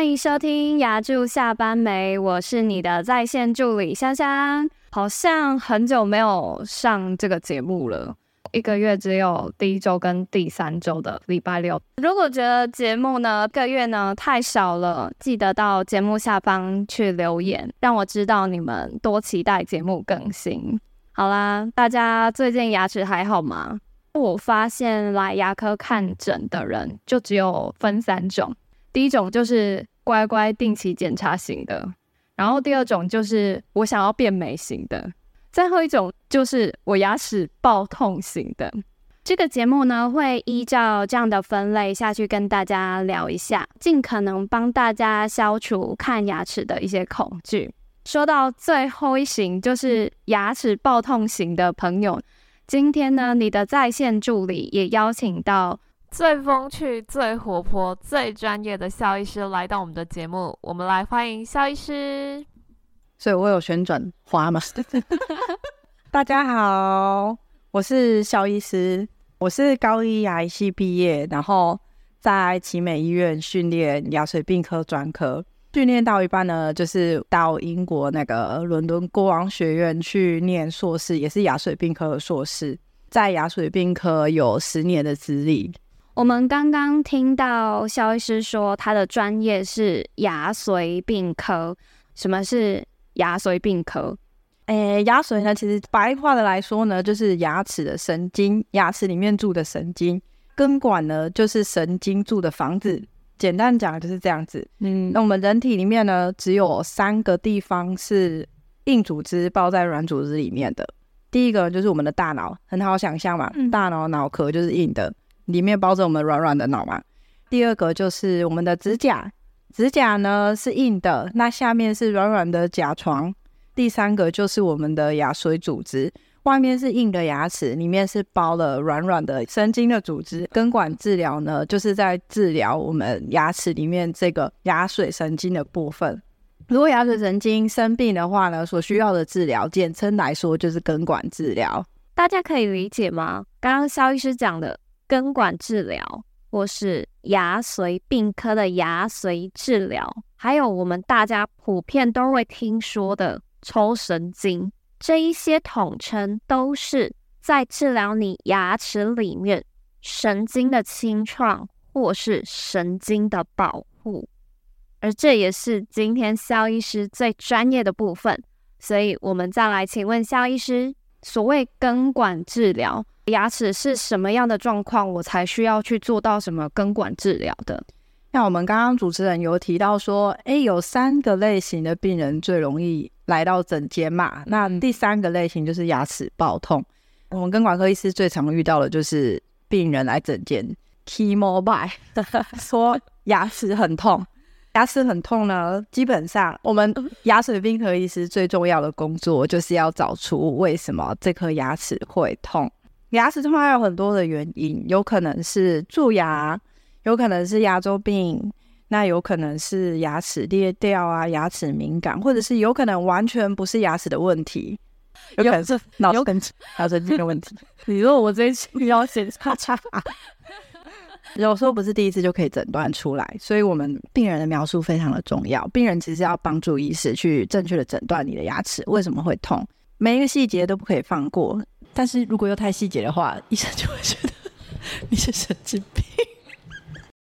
歡迎收聽牙柱下班沒？我是你的在線助理香香，好像很久沒有上這個節目了，一個月只有第一周跟第三周的禮拜六。如果覺得節目呢，一個月呢太少了，記得到節目下方去留言，讓我知道你們多期待節目更新。好啦，大家最近牙齒還好嗎？我發現來牙科看診的人就只有分三種。第一種就是乖乖定期檢查型的，然後第二種就是我想要變美型的，最後一種就是我牙齒爆痛型的。這個節目呢，會依照這樣的分類下去跟大家聊一下，盡可能幫大家消除看牙齒的一些恐懼。說到最後一型，就是牙齒爆痛型的朋友，今天呢，你的在線助理也邀請到最風趣、最活潑、最專業的肖醫師來到我們的節目，我們來歡迎肖醫師。所以我有旋轉花嘛？ 大家好，我是肖醫師，我是高一牙醫系畢業，然後在奇美醫院訓練牙髓病科專科，訓練到一半呢，就是到英國那個倫敦國王學院去念碩士，也是牙髓病科的碩士，在牙髓病科有十年的資歷。我們剛剛聽到肖醫師說，他的專業是牙髓病科。什麼是牙髓病科？誒、欸，牙髓呢，其實白話的來說呢，就是牙齒的神經，牙齒裡面住的神經。根管呢，就是神經住的房子。簡單講就是這樣子。嗯，那我們人體裡面呢，只有三個地方是硬組織包在軟組織裡面的。第一個就是我們的大腦，很好想象嘛，嗯、大腦腦殼就是硬的。裡面包着我們軟軟的腦嘛。第二個就是我們的指甲，指甲呢是硬的，那下面是軟軟的甲床。第三個就是我們的牙髓組織，外面是硬的牙齒，裡面是包了軟軟的神經的組織。根管治療呢，就是在治療我們牙齒裡面這個牙髓神經的部分。如果牙髓神經生病的話呢，所需要的治療，簡稱來說就是根管治療。大家可以理解嗎？剛剛肖醫師講的。根管治療，或是牙髓病科的牙髓治療，還有我們大家普遍都會聽說的抽神經，這一些統稱都是在治療你牙齒裡面神經的清創或是神經的保護，而這也是今天肖醫師最專業的部分，所以我們再來請問肖醫師，所謂根管治療。牙齒是什麼樣的狀況，我才需要去做到什麼根管治療的？像我們剛剛主持人有提到說，哎、欸，有三個類型的病人最容易來到診間嘛。那第三個類型就是牙齒爆痛。我們根管科醫師最常遇到的就是病人來診間 key mobile 說牙齒很痛，牙齒很痛呢。基本上，我們牙髓病科醫師最重要的工作就是要找出為什麼這顆牙齒會痛。牙齒痛還有很多的原因，有可能是蛀牙，有可能是牙周病，那有可能是牙齒裂掉啊，牙齒敏感，或者是有可能完全不是牙齒的問題，有可能是腦神經、腦神經的問題。 你說我這一次要寫叉叉啊？ 有時候不是第一次就可以診斷出來，所以我們病人的描述非常的重要。病人其實要幫助醫師去正確的診斷你的牙齒，為什麼會痛，每一個細節都不可以放過。但是如果又太細節的話，醫生就會覺得你是神經病。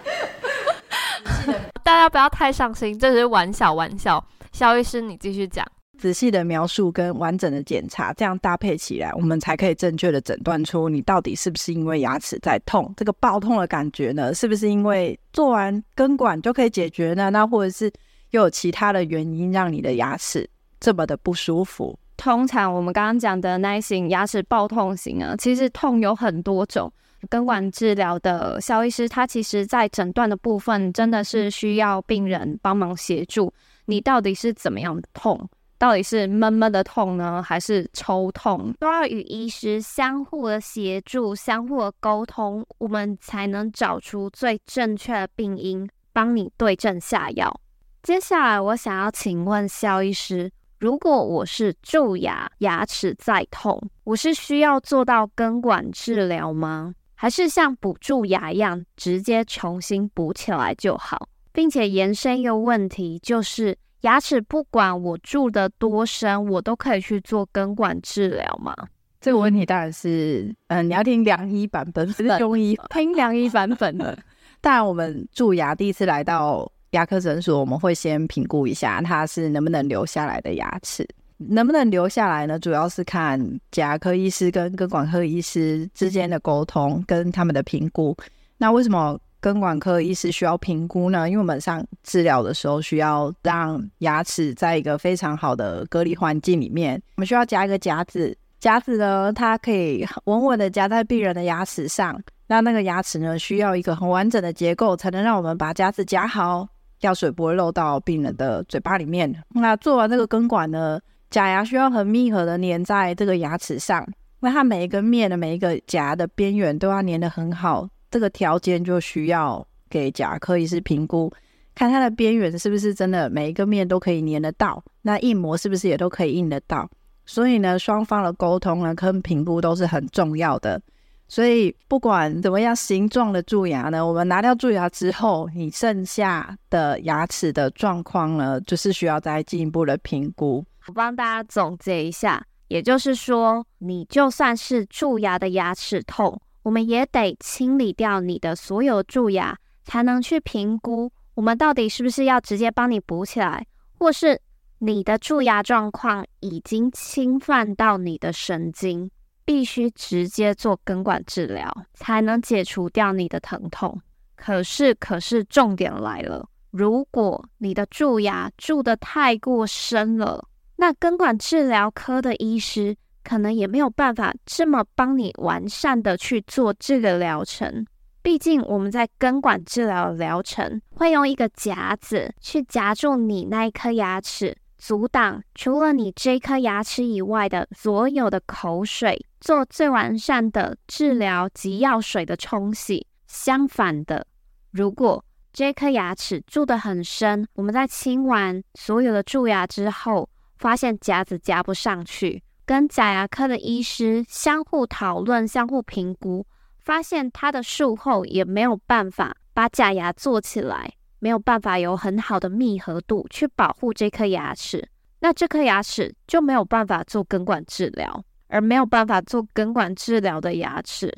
大家不要太上心，這是玩笑玩笑。肖醫師，你繼續講。仔細的描述跟完整的檢查，這樣搭配起來，我們才可以正確的診斷出你到底是不是因為牙齒在痛。這個爆痛的感覺呢，是不是因為做完根管就可以解決呢？那或者是又有其他的原因讓你的牙齒這麼的不舒服？通常我們剛剛講的耐性牙齒暴痛型啊，其實痛有很多種。根管治療的蕭醫師，他其實在診斷的部分，真的是需要病人幫忙協助。你到底是怎麼樣的痛？到底是悶悶的痛呢，還是抽痛？都要與醫師相互的協助，相互的溝通，我們才能找出最正確的病因，幫你對症下藥。接下來我想要請問蕭醫師。如果我是蛀牙，牙齒在痛，我是需要做到根管治療嗎？還是像補蛀牙一樣直接重新補起來就好？並且延伸一個問題，就是牙齒不管我蛀的多深，我都可以去做根管治療嗎？這個問題當然是，嗯、呃，你要聽良醫版本，是中醫， 聽良醫版本的。當然，我們蛀牙第一次來到。牙科診所，我們會先評估一下它是能不能留下來的牙齒，能不能留下來呢？主要是看牙科醫師跟根管科醫師之間的溝通跟他們的評估。那為什麼根管科醫師需要評估呢？因為我們上治療的時候需要讓牙齒在一個非常好的隔離環境裡面，我們需要夾一個夾子，夾子呢，它可以穩穩的夾在病人的牙齒上。那那個牙齒呢，需要一個很完整的結構，才能讓我們把夾子夾好。藥水不會漏到病人的嘴巴裡面。那做完這個根管呢，假牙需要很密合的粘在這個牙齒上。那它每一個面的每一個假牙的邊緣都要粘得很好，這個條件就需要給牙科醫師評估，看它的邊緣是不是真的每一個面都可以粘得到，那印模是不是也都可以印得到。所以呢，雙方的溝通呢，跟評估都是很重要的。所以不管怎麼樣，形狀的蛀牙呢，我們拿掉蛀牙之後，你剩下的牙齒的狀況呢，就是需要再進一步的評估。我幫大家總結一下，也就是說，你就算是蛀牙的牙齒痛，我們也得清理掉你的所有蛀牙，才能去評估我們到底是不是要直接幫你補起來，或是你的蛀牙狀況已經侵犯到你的神經。必須直接做根管治療，才能解除掉你的疼痛。可是，可是重點來了，如果你的蛀牙蛀得太過深了，那根管治療科的醫師可能也沒有辦法這麼幫你完善的去做這個療程。畢竟，我們在根管治療療程會用一個夾子去夾住你那一顆牙齒。阻擋除了你這顆牙齒以外的所有的口水，做最完善的治療及藥水的沖洗。相反的，如果這顆牙齒蛀得很深，我們在清完所有的蛀牙之後，發現夾子夾不上去，跟假牙科的醫師相互討論、相互評估，發現他的術後也沒有辦法把假牙做起來。沒有辦法有很好的密合度去保護這顆牙齒，那這顆牙齒就沒有辦法做根管治療，而沒有辦法做根管治療的牙齒，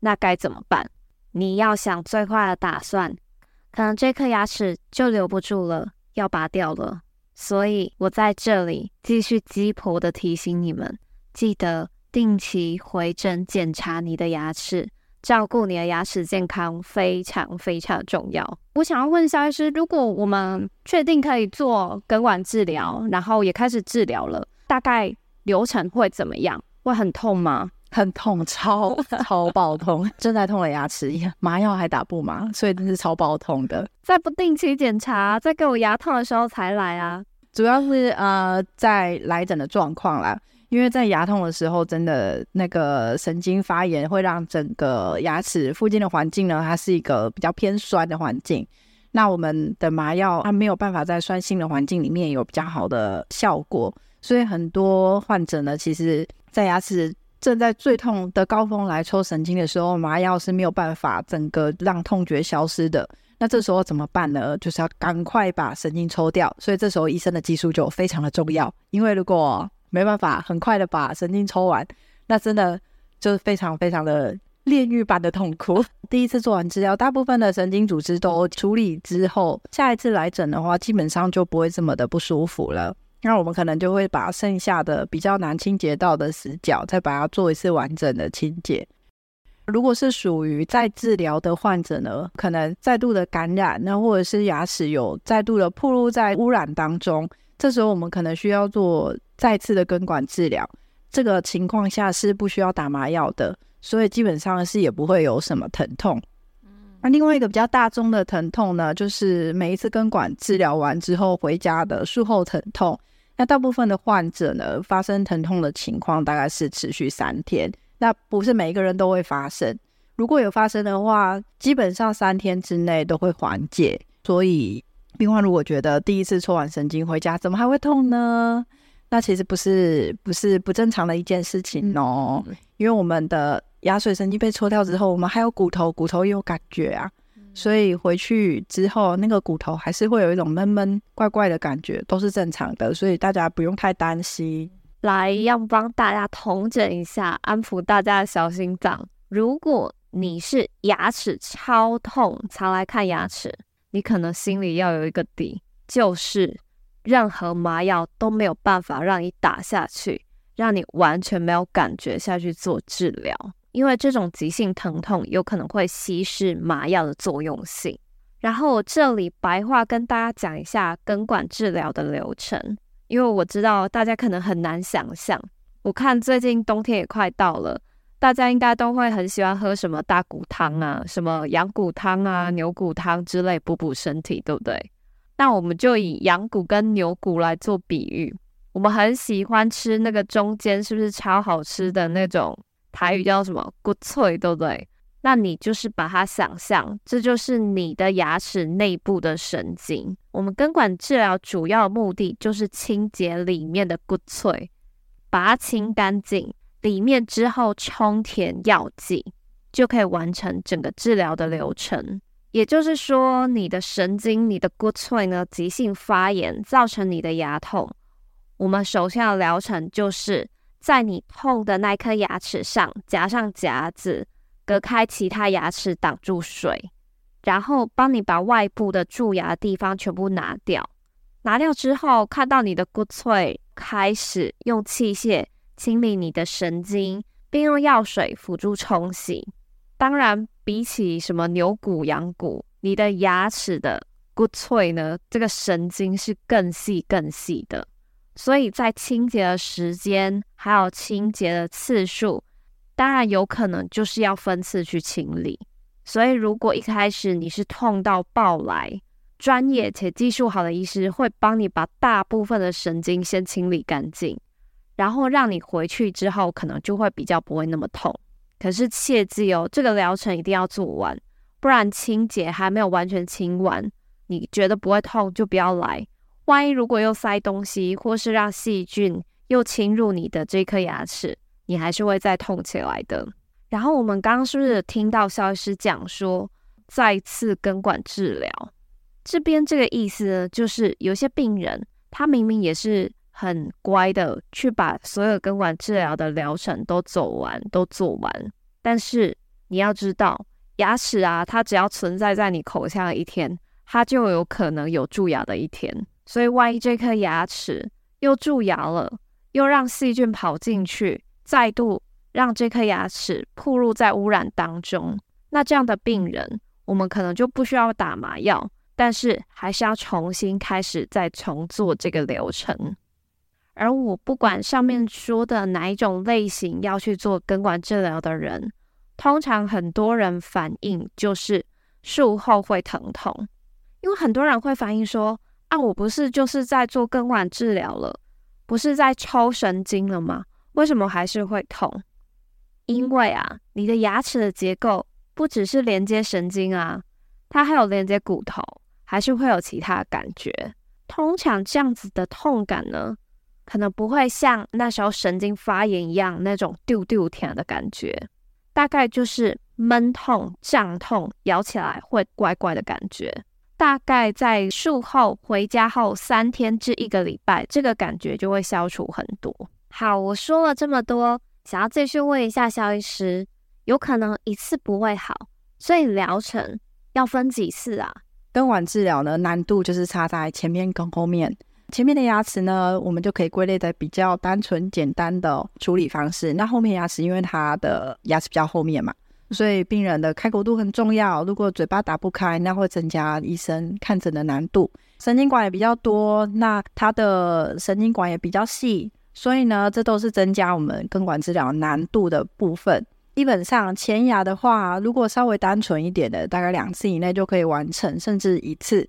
那該怎麼辦？你要想最壞的打算，可能這顆牙齒就留不住了，要拔掉了。所以我在這裡繼續雞婆的提醒你們，記得定期回診檢查你的牙齒。照顧你的牙齒健康非常非常重要。我想要問肖醫師，如果我們確定可以做根管治療，然後也開始治療了，大概流程會怎麼樣？會很痛嗎？很痛，超超爆痛，正 在痛的牙齒一樣，麻藥還打不麻，所以真的是超爆痛的。在不定期檢查，在給我牙痛的時候才來啊。主要是呃，在來診的狀況啦。因為在牙痛的時候，真的那個神經發炎會讓整個牙齒附近的環境呢，它是一個比較偏酸的環境。那我們的麻藥它沒有辦法在酸性的環境裡面有比較好的效果，所以很多患者呢，其實在牙齒正在最痛的高峰來抽神經的時候，麻藥是沒有辦法整個讓痛覺消失的。那這時候怎麼辦呢？就是要趕快把神經抽掉。所以這時候醫生的技術就非常的重要，因為如果沒辦法，很快的把神經抽完，那真的就是非常非常的煉獄般的痛苦。 第一次做完治療，大部分的神經組織都處理之後，下一次來診的話，基本上就不會這麼的不舒服了。那我們可能就會把剩下的比較難清潔到的死角，再把它做一次完整的清潔。如果是屬於再治療的患者呢，可能再度的感染，那或者是牙齒有再度的暴露在污染當中，這時候我們可能需要做再次的根管治療。這個情況下是不需要打麻藥的，所以基本上是也不會有什麼疼痛。嗯，那另外一個比較大宗的疼痛呢，就是每一次根管治療完之後回家的術後疼痛。那大部分的患者呢，發生疼痛的情況大概是持續三天。那不是每一個人都會發生，如果有發生的話，基本上三天之內都會緩解。所以，病患如果覺得第一次戳完神經回家怎麼還會痛呢？那其實不是不是不正常的一件事情哦，嗯，因為我們的牙髓神經被戳掉之後，我們還有骨頭，骨頭也有感覺啊，所以回去之後那個骨頭還是會有一種悶悶怪怪的感覺，都是正常的，所以大家不用太擔心。來，要幫大家統整一下，安撫大家的小心臟。如果你是牙齒超痛才來看牙齒，你可能心裡要有一個底，就是任何麻藥都沒有辦法讓你打下去，讓你完全沒有感覺下去做治療，因為這種急性疼痛有可能會稀釋麻藥的作用性。然後我這裡白話跟大家講一下根管治療的流程。因為我知道大家可能很難想象，我看最近冬天也快到了，大家應該都會很喜歡喝什麼大骨湯啊、什麼羊骨湯啊、牛骨湯之類補補身體，對不對？那我們就以羊骨跟牛骨來做比喻，我們很喜歡吃那個中間是不是超好吃的那種，台語叫什麼骨脆，對不對？那你就是把它想象，這就是你的牙齒內部的神經。我們根管治療主要的目的就是清潔裡面的骨髓，把它清乾淨，裡面之後充填藥劑，就可以完成整個治療的流程。也就是說，你的神經、你的骨髓呢，急性發炎造成你的牙痛。我們首先的療程就是在你痛的那顆牙齒上夾上夾子。隔開其他牙齒，擋住水，然後幫你把外部的蛀牙的地方全部拿掉。拿掉之後，看到你的骨髓，開始用器械清理你的神經，並用藥水輔助沖洗。當然，比起什麼牛骨、羊骨，你的牙齒的骨髓呢，這個神經是更細、更細的，所以在清潔的時間還有清潔的次數，當然有可能就是要分次去清理，所以如果一開始你是痛到爆來，專業且技術好的醫師會幫你把大部分的神經先清理乾淨，然後讓你回去之後可能就會比較不會那麼痛。可是切記哦，這個療程一定要做完，不然清潔還沒有完全清完，你覺得不會痛就不要來。萬一如果又塞東西或是讓細菌又侵入你的這顆牙齒。你還是會再痛起來的。然後我們剛剛是不是聽到蕭醫師講說，再次根管治療？這邊這個意思呢，就是有些病人他明明也是很乖的，去把所有根管治療的療程都走完，都做完。但是你要知道，牙齒啊，它只要存在在你口腔一天，它就有可能有蛀牙的一天。所以萬一這顆牙齒又蛀牙了，又讓細菌跑進去。再度讓這顆牙齒暴露在污染當中，那這樣的病人，我們可能就不需要打麻藥，但是還是要重新開始再重做這個流程。而我不管上面說的哪一種類型要去做根管治療的人，通常很多人反應就是術後會疼痛，因為很多人會反映說：“啊，我不是就是在做根管治療了，不是在抽神經了嗎？”為什麼還是會痛？因為啊，你的牙齒的結構不只是連接神經啊，它還有連接骨頭，還是會有其他的感覺。通常這樣子的痛感呢，可能不會像那時候神經發炎一樣那種丟丟疼的感覺，大概就是悶痛、脹痛，咬起來會怪怪的感覺。大概在術後回家後三天至一個禮拜，這個感覺就會消除很多。好，我說了這麼多，想要繼續問一下肖醫師，有可能一次不會好，所以療程要分幾次啊？根管治療呢，難度就是差在前面跟後面。前面的牙齒呢，我們就可以歸類在比較單純簡單的處理方式。那後面牙齒，因為它的牙齒比較後面嘛，所以病人的開口度很重要。如果嘴巴打不開，那會增加醫生看診的難度。神經管也比較多，那它的神經管也比較細。所以呢，這都是增加我們根管治療難度的部分。基本上，前牙的話，如果稍微單純一點的，大概兩次以內就可以完成，甚至一次；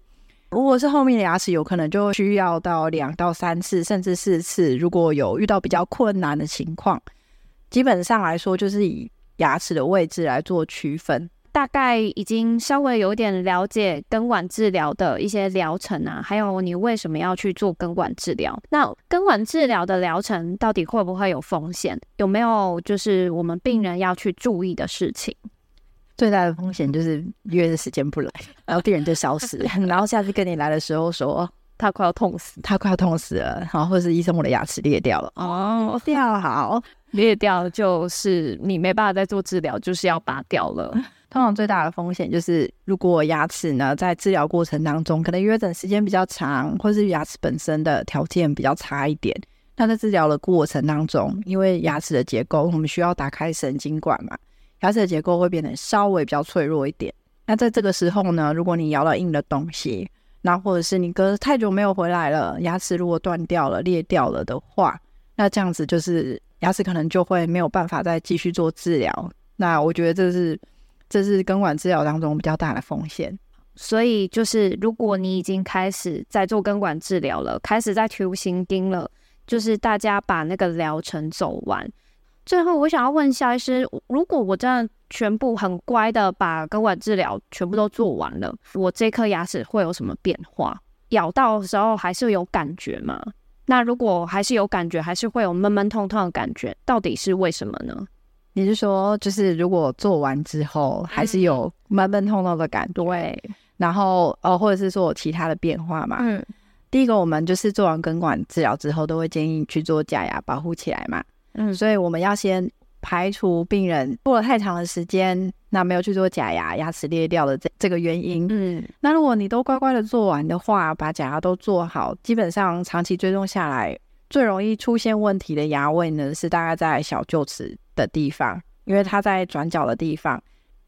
如果是後面的牙齒，有可能就需要到兩到三次，甚至四次。如果有遇到比較困難的情況，基本上來說，就是以牙齒的位置來做區分。大概已經稍微有點了解根管治療的一些療程啊，還有你為什麼要去做根管治療？那根管治療的療程到底會不會有風險？有沒有就是我們病人要去注意的事情？最大的風險就是約的時間不來，然後病人就消失， 然後下次跟你來的時候說他快要痛死，他快要痛死了，然後或是醫生，我的牙齒裂掉了哦，掉好。裂掉就是你沒辦法再做治療，就是要拔掉了。通常最大的風險就是，如果牙齒呢在治療過程當中，可能約診時間比較長，或是牙齒本身的條件比較差一點，那在治療的過程當中，因為牙齒的結構，我們需要打開神經管嘛，牙齒的結構會變得稍微比較脆弱一點。那在這個時候呢，如果你咬了硬的東西，那或者是你隔太久沒有回來了，牙齒如果斷掉了、裂掉了的話，那這樣子就是。牙齒可能就會沒有辦法再繼續做治療，那我覺得這是這是根管治療當中比較大的風險。所以就是如果你已經開始在做根管治療了，開始在求形釘了，就是大家把那個療程走完。最後我想要問一下醫師，如果我這樣全部很乖的把根管治療全部都做完了，我這顆牙齒會有什麼變化？咬到的時候還是有感覺嗎？那如果還是有感覺，還是會有悶悶痛痛的感覺，到底是為什麼呢？你是說，就是如果做完之後還是有悶悶痛痛的感覺， 對，然後呃、哦，或者是說有其他的變化嘛？嗯，第一個我們就是做完根管治療之後，都會建議去做假牙保護起來嘛。嗯，所以我們要先排除病人過了太長的時間。那沒有去做假牙，牙齒裂掉的這，這這個原因。嗯，那如果你都乖乖的做完的話，把假牙都做好，基本上長期追蹤下來，最容易出現問題的牙位呢，是大概在小臼齒的地方，因為它在轉角的地方，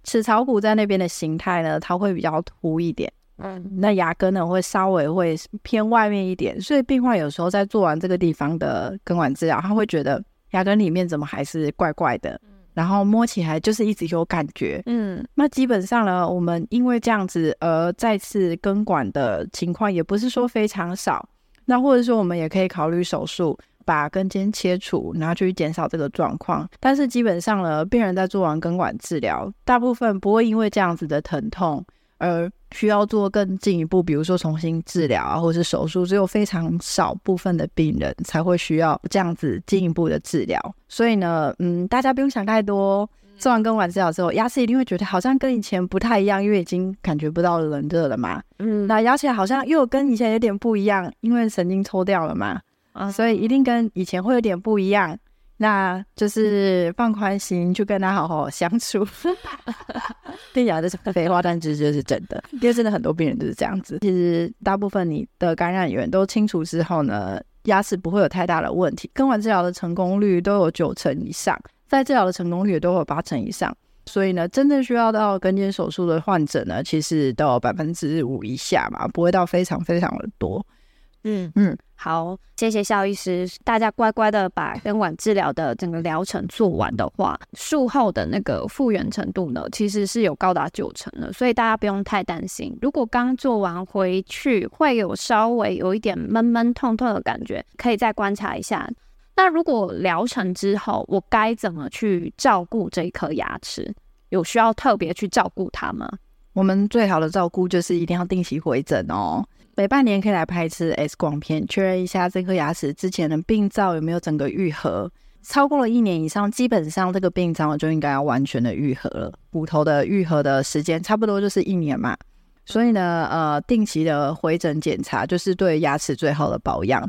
齒槽骨在那邊的形態呢，它會比較凸一點。嗯，那牙根呢，會稍微會偏外面一點，所以病患有時候在做完這個地方的根管治療，他會覺得牙根裡面怎麼還是怪怪的。然後摸起來就是一直有感覺，嗯，那基本上呢，我們因為這樣子而再次根管的情況也不是說非常少，那或者說我們也可以考慮手術把根尖切除，然後去減少這個狀況。但是基本上呢，病人在做完根管治療，大部分不會因為這樣子的疼痛而。需要做更進一步，比如說重新治療啊，或者是手術，只有非常少部分的病人才會需要這樣子進一步的治療。所以呢，嗯，大家不用想太多。做完根管治療之後，牙齒一定會覺得好像跟以前不太一樣，因為已經感覺不到冷熱了嘛。嗯，那咬起來好像又跟以前有點不一樣，因為神經抽掉了嘛。啊，okay，所以一定跟以前會有點不一樣。那就是放寬心，去跟他好好相處。聽起來都是廢話，但其實是，是真的。因為真的很多病人都是這樣子。其實大部分你的感染源都清除之後呢，牙齒不會有太大的問題。根管治療的成功率都有九成以上，再治療的成功率也都有八成以上。所以呢，真正需要到根尖手術的患者呢，其實都有百分之五以下嘛，不會到非常非常的多。嗯嗯，好，謝謝肖醫師。大家乖乖的把根管治療的整個療程做完的話，術後的那個復原程度呢，其實是有高達九成的，所以大家不用太擔心。如果剛做完回去，會有稍微有一點悶悶痛痛的感覺，可以再觀察一下。那如果療程之後，我該怎麼去照顧這一顆牙齒？有需要特別去照顧它嗎？我們最好的照顧就是一定要定期回診哦。每半年可以來拍一次 X 光片，確認一下這顆牙齒之前的病灶有沒有整個癒合。超過了一年以上，基本上這個病灶就應該要完全的癒合了。骨頭的癒合的時間差不多就是一年嘛。所以呢，呃，定期的回診檢查就是對牙齒最好的保養。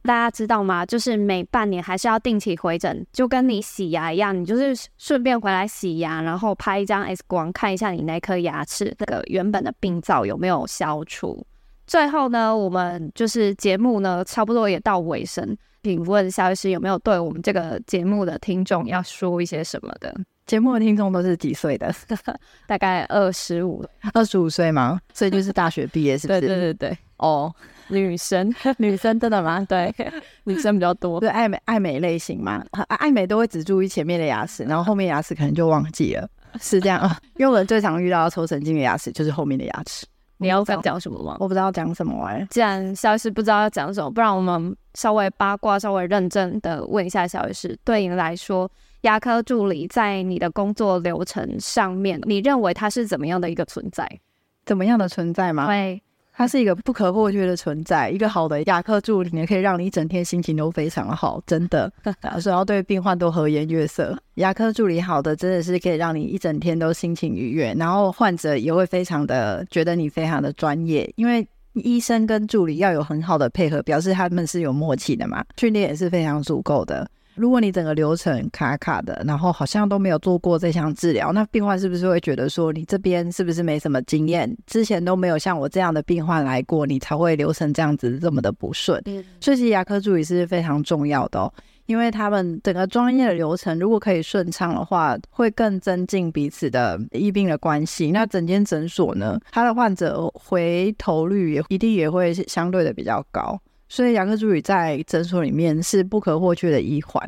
大家知道嗎？就是每半年還是要定期回診，就跟你洗牙一樣，你就是順便回來洗牙，然後拍一張 X 光，看一下你那顆牙齒那個原本的病灶有沒有消除。最後呢，我們就是節目呢，差不多也到尾聲。請問夏醫生有沒有對我們這個節目的聽眾要說一些什麼的？節目的聽眾都是幾歲的？ 大概二十五，二十五歲嗎？所以就是大學畢業，是不是？ 對對對對，哦、oh.，女生，女生真的嗎？對，女生比較多，對，愛美，愛美類型嘛，愛美都會只注意前面的牙齒，然後後面的牙齒可能就忘記了，是這樣啊。因為我們最常遇到抽神經的牙齒就是後面的牙齒。你要講什麼嗎？我不知道講什麼、欸。既然肖醫師不知道要講什麼，不然我們稍微八卦，稍微認真的問一下肖醫師，對你來說，牙科助理在你的工作流程上面，你認為他是怎麼樣的一個存在？怎麼樣的存在嗎？對。它是一個不可或缺的存在。一個好的牙科助理也可以讓你一整天心情都非常好，真的。 然後對病患都和顏悅色，牙科助理好的真的是可以讓你一整天都心情愉悅，然後患者也會非常的覺得你非常的專業。因為醫生跟助理要有很好的配合，表示他們是有默契的嘛。訓練也是非常足夠的。如果你整個流程卡卡的，然後好像都沒有做過這項治療，那病患是不是會覺得說你這邊是不是沒什麼經驗？之前都沒有像我這樣的病患來過，你才會流程這樣子這麼的不順？嗯，所以其實牙科助理是非常重要的哦，因為他們整個專業的流程如果可以順暢的話，會更增進彼此的醫病的關係。那整間診所呢，他的患者回頭率也一定也會相對的比較高。所以牙科助理在診所裡面是不可或缺的一環。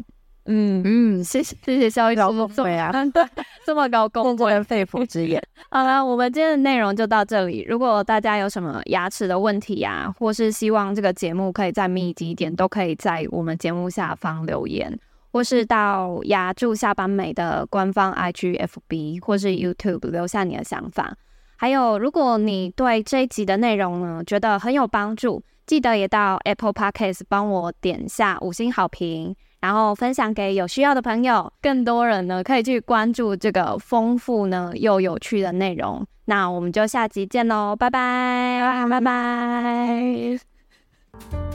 嗯嗯，謝謝謝謝肖醫生，這麼高對，這麼高工作的肺腑之言。 好了，我們今天的內容就到這裡。如果大家有什麼牙齒的問題呀，啊，或是希望這個節目可以再密集一點，都可以在我們節目下方留言，或是到牙住下班美的官方 IGFB 或是 YouTube 留下你的想法。還有，如果你對這一集的內容呢，覺得很有幫助，記得也到 Apple Podcast 幫我點下五星好評，然後分享給有需要的朋友，更多人呢可以去關注這個豐富呢又有趣的內容。那我們就下集見嘍，拜拜，拜拜。拜拜。